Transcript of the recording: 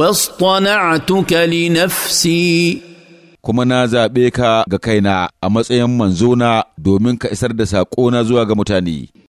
واصطنعتك لنفسي kuma na zaɓe ka ga kaina a matsayin manzona domin ka isar da saƙona zuwa ga mutane.